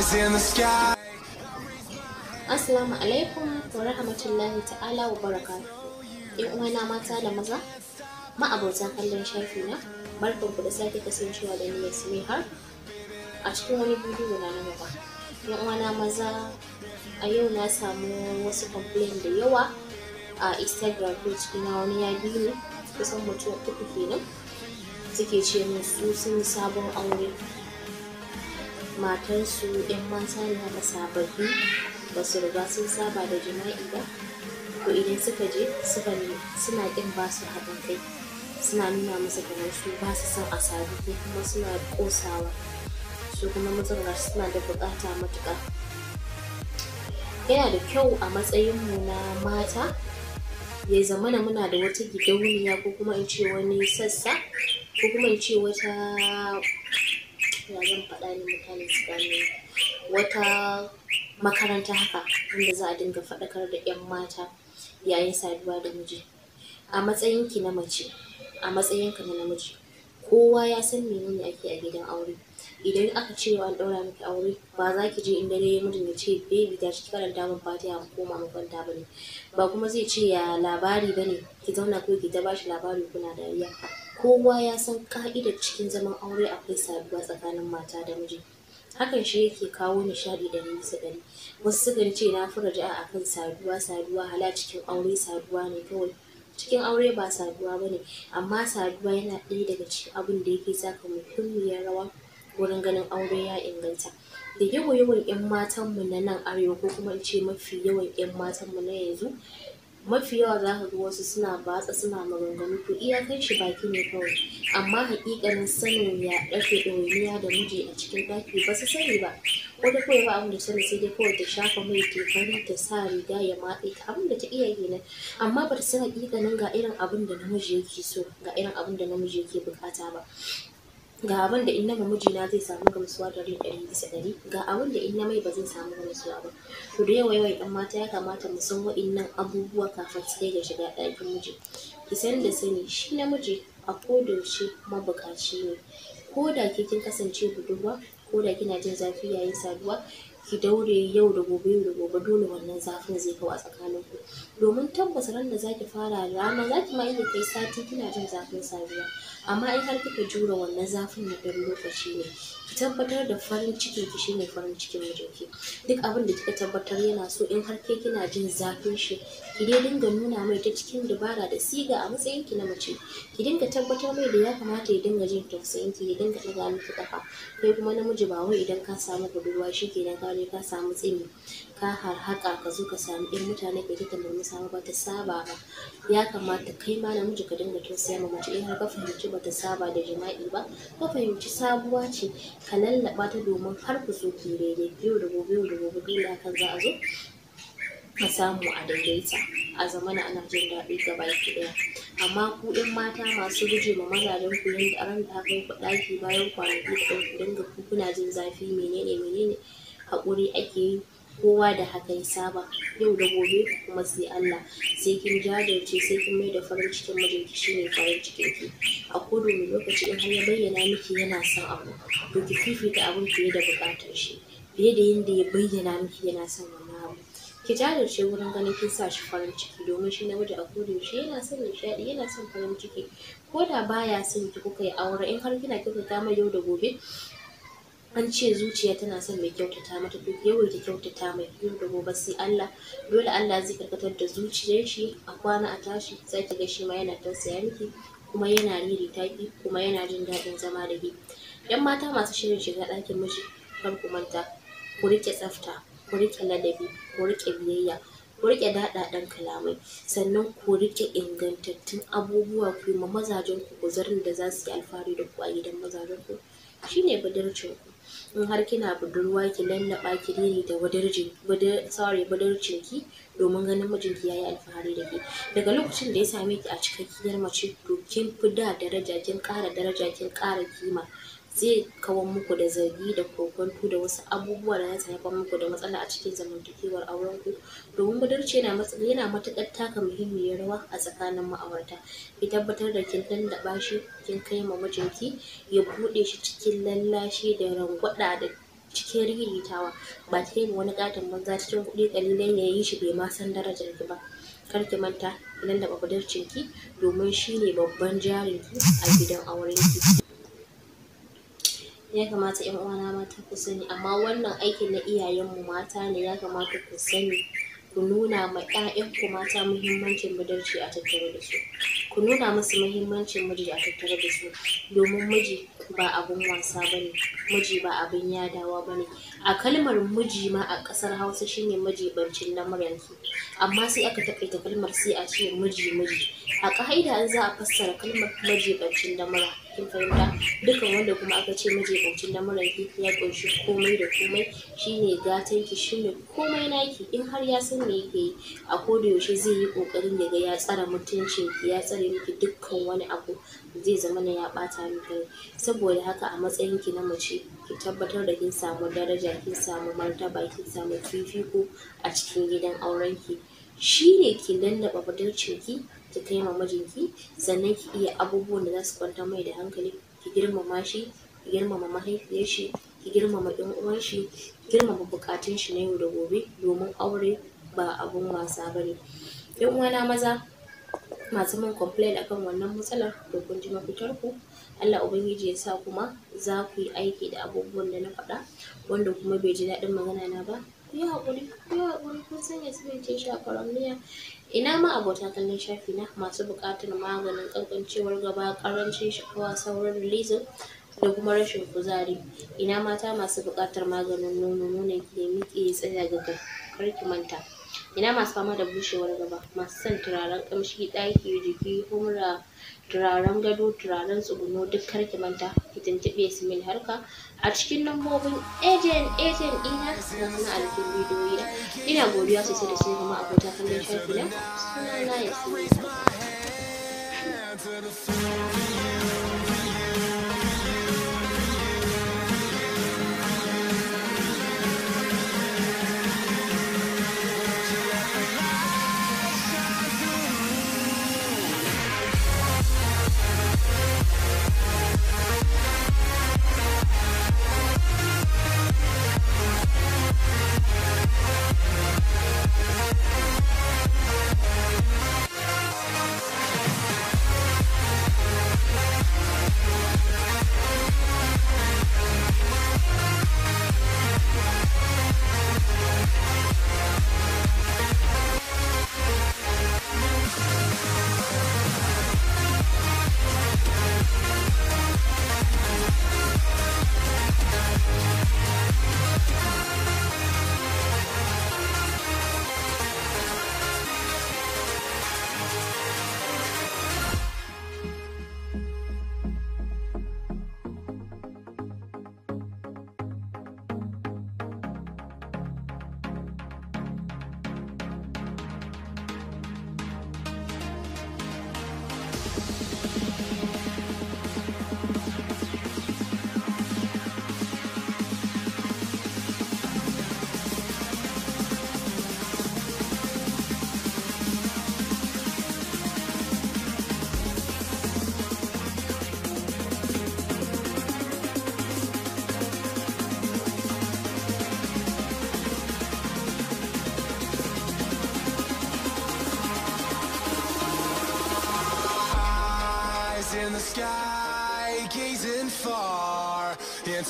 Assalamu alaikum wa rahmatullahi ta'ala wa baraka. In uwana mata da maza, ma'abotan kallon shafi na, barkan ku da sake kasancewa da ni a cikin wani bidiyo na na gaba. ‘Yan uwana maza, a yau na samu wasu complain da yawa a Instagram page na wani ya biyu kusan mutum uku kenan suke ce min su sun sabon aure. matansu 'yan mata na da sababbi ba su riga sun saba da jima'i ba Ko idan suka je Suka ne suna ƙin ba su haɗin kai suna nuna masa kamar su ba su son a sadu ko kuma suna ƙosawa su kuma matsalar suna da buƙata matuƙa yana da kyau a matsayinmu na mata ya zamana muna da wata gidauniya ko kuma in ce wani sassa ko kuma in ce wata ya zan faɗa ne mutane su gane wata makaranta haka inda za a dinga faɗakar da 'yan mata yayin saduwa da miji a ki na mace a matsayinka na namiji kowa ya san menene ake a gidan aure idan aka ce an ɗaura miki aure ba za ki je inda dai mijin ya ce baby da shi karanta min fatiha mu koma mu kwanta ne ba kuma zai ce ya labari ba ne ki zauna ko ki ta bashi labari kuna dariya kowa ya san ƙa'idar cikin zaman aure akwai saduwa tsakanin mata da miji hakan shi yake kawo nishaɗi da nisa ɗari wasu sukan ce na fi raja'a akan saduwa saduwa hala cikin aure saduwa ne kawai cikin aure ba saduwa ba ne amma saduwa yana ɗaya daga cikin abin da yake saka muhimmiyar rawa wurin ganin aure ya inganta da yawan yawan 'yan matanmu na nan arewa ko kuma in ce mafi yawan 'yan matanmu na yanzu mafi yawa za ka ga wasu suna batsa suna maganganu to iyakar shi baki ne kawai amma hakikanin sanin ya ɗafe ɗawainiya da miji a cikin ɗaki ba su sani ba da kawai ba abin da sani sai dai kawai ta shafa mai fari ta sa riga ya matse ta abin da ta iya ne amma ba ta san hakikanin ga irin abin da namiji yake so ga irin abin da namiji yake bukata ba ga abin da in na mijina zai samu gamsuwa da rin ɗari bisa ɗari ga abin da in mai ba zai samu gamsuwa ba to da yawa yawa ɗan mata ya kamata mu san wa'innan abubuwa kafin su kai ga shiga ɗakin miji ki san da sani shi na miji a kodayaushe mabuƙaci ne ko da ke kin kasance budurwa ko da kina jin zafi yayin saduwa ki daure yau da gobe yau da gobe dole wannan zafin zai kawo a tsakaninku domin tabbas ran da zaki fara da rana zaki ma iya kai sati kina jin zafin safiya amma in har kika jure wannan zafin na dan lokaci ne ki tabbatar da farin ciki ki shine farin cikin mijinki duk abin da kika tabbatar yana so in har kai kina jin zafin shi ki dai dinga nuna mai ta cikin dabara da siga a matsayin ki na mace ki dinga tabbatar mai da ya kamata ya dinga jin tausayin ki ya dinga ɗaga miki kafa kai kuma namiji ba wai idan ka samu budurwa ke ka je ka samu tsimi ka harhaƙa ka zo ka sami irin mutane ka ta murmusa ba ta saba ba ya kamata kai ma namiji ka dinga tun ma mace in eh, har ka fahimci ba ta saba da jima'i ba ka fahimci sabuwa ce ka lallaɓa ta domin har ku zo ki daidai yau da gobe yau da gobe kila kan za a zo ka samu a daidaita a zamana ana jin daɗi gaba baki ɗaya amma ku ɗin mata masu guje ma mazajen ku yanda ran da kai ku ɗaki bayan kwanaki da ku dinga ku kuna jin zafi menene menene haƙuri ake yi kowa da haka ya saba yau da gobe kuma sai Allah sai kin jajirce sai kin mai da farin cikin mijinki shine farin cikin ki a kodo lokaci in har ya bayyana miki yana son abu to ki fifita abin fiye da bukatar shi fiye da yadda ya bayyana miki yana son wannan abu ki jajirce wurin ganin kin sa shi farin ciki domin shi namiji a koda shi yana son nishaɗi yana son farin ciki ko da baya son ki kuka yi aure in har kina kyautata mai yau da gobe an ce zuciya tana son mai kyautata mata duk ta kyautata mai yau da gobe sai Allah dole Allah zai karkatar da zuciyar shi a kwana a tashi sai kaga ga shi ma yana tausaya miki kuma yana riri taki kuma yana jin daɗin zama da ke yan mata masu shirin shiga ɗakin miji kar ku manta ku riƙe tsafta ku riƙe ladabi ku riƙe biyayya ku riƙe daɗaɗen kalamai sannan ku riƙe ingantattun abubuwa ku yi ma mazajen ku kuzarin da za su yi alfahari da ku a gidan mazajen ku shine budurcin ku in har kina budurwa ki lallaba ki rere da wadarcin ki domin ganin mijinki yayi alfahari da ke daga lokacin da ya same ki a cikakkiyar mace to kin fi da daraja kin ƙara daraja kin ƙara kima zai kawo muku da zargi da kokonto da wasu abubuwa da zai haifar muku da matsala a cikin zamantakewar auren ku domin budurci yana yana matuƙar taka muhimmiyar rawa a tsakanin ma'aurata ki tabbatar da kin dandaɓa shi kin kai ma mijinki ya bude shi cikin lallashi da rangwada da cikin riritawa ba ta yin wani katon banza cikin kuɗi ƙalilan ya yi shi bai ma san darajar ki ba kar ki manta idan da ba ki domin shine babban jarin a gidan aurenki ya kamata yan uwana mata ku sani amma wannan aikin na iyayenmu mata ne ya kamata ku sani ku nuna ma ku mata muhimmancin budurci a tattare da su ku nuna musu muhimmancin miji a tattare da su domin miji ba abun wasa bane miji ba abin yadawa bane a kalmar miji ma a ƙasar Hausa shine majibancin lamarin su amma sai aka taƙaita kalmar sai a ce miji miji a ƙa'ida an za a fassara kalmar majibancin lamarin cikin fahimta wanda kuma aka ce majibincin lamuran ki ya kunshi komai da komai shine gatan ki shine komai naki in har ya san me yake yi a koda yaushe zai yi ƙoƙarin ya ya tsara mutuncin ki ya tsare miki dukkan wani abu zai zama na ya ɓata miki rai saboda haka a matsayin ki na mace ki tabbatar da kin samu daraja kin samu martaba kin samu fifiko a cikin gidan auren ki shine ki lallaɓa budurcin ki ki taima mijinki sannan ki iya abubuwan da za su kwantar mai da hankali ki girmama shi ki girmama mahaifiyar shi ki girmama ɗan uwan shi ki girmama bukatun shi na yau da gobe domin aure ba abun wasa ba ne. yan uwana maza masu min complain akan wannan matsalar da kun ji mafitar ku Allah ubangiji ya sa kuma za ku yi aiki da abubuwan da na faɗa wanda kuma bai ji daɗin magana na ba ku yi haƙuri ku yi haƙuri kun miya ina ma abota kallon shafi na masu buƙatar maganin ƙanƙancewar gaba ƙarancin sha'awa sauran rilizin da kuma rashin kuzari ina mata masu buƙatar maganin nono nonon ke ya miƙe tsaya ga kai kar ki manta ina masu fama da bushewar gaba masu son turaren kamshi ɗaki jiki humra turaren gado turaren tsuguno duk kar ki manta ki tuntuɓe su mil harka a cikin lambobin agent agent ina na kuma alfin bidiyoyi ina godiya sosai da sun kuma abota kallon shafi na suna na ya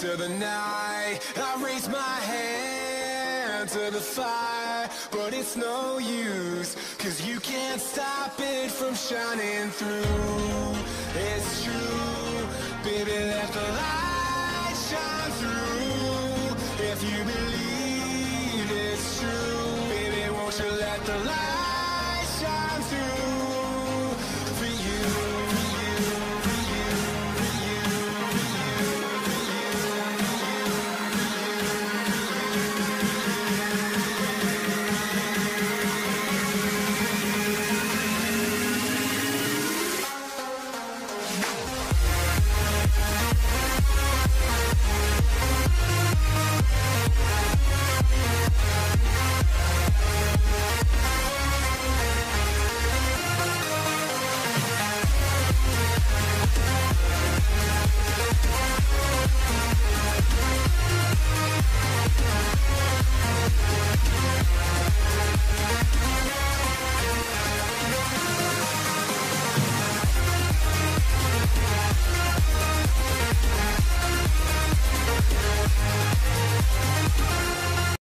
into the night I raise my hand to the fire But it's no use Cause you can't stop it from shining through It's true Baby, let the light shine through If you believe it's true Baby, won't you let the light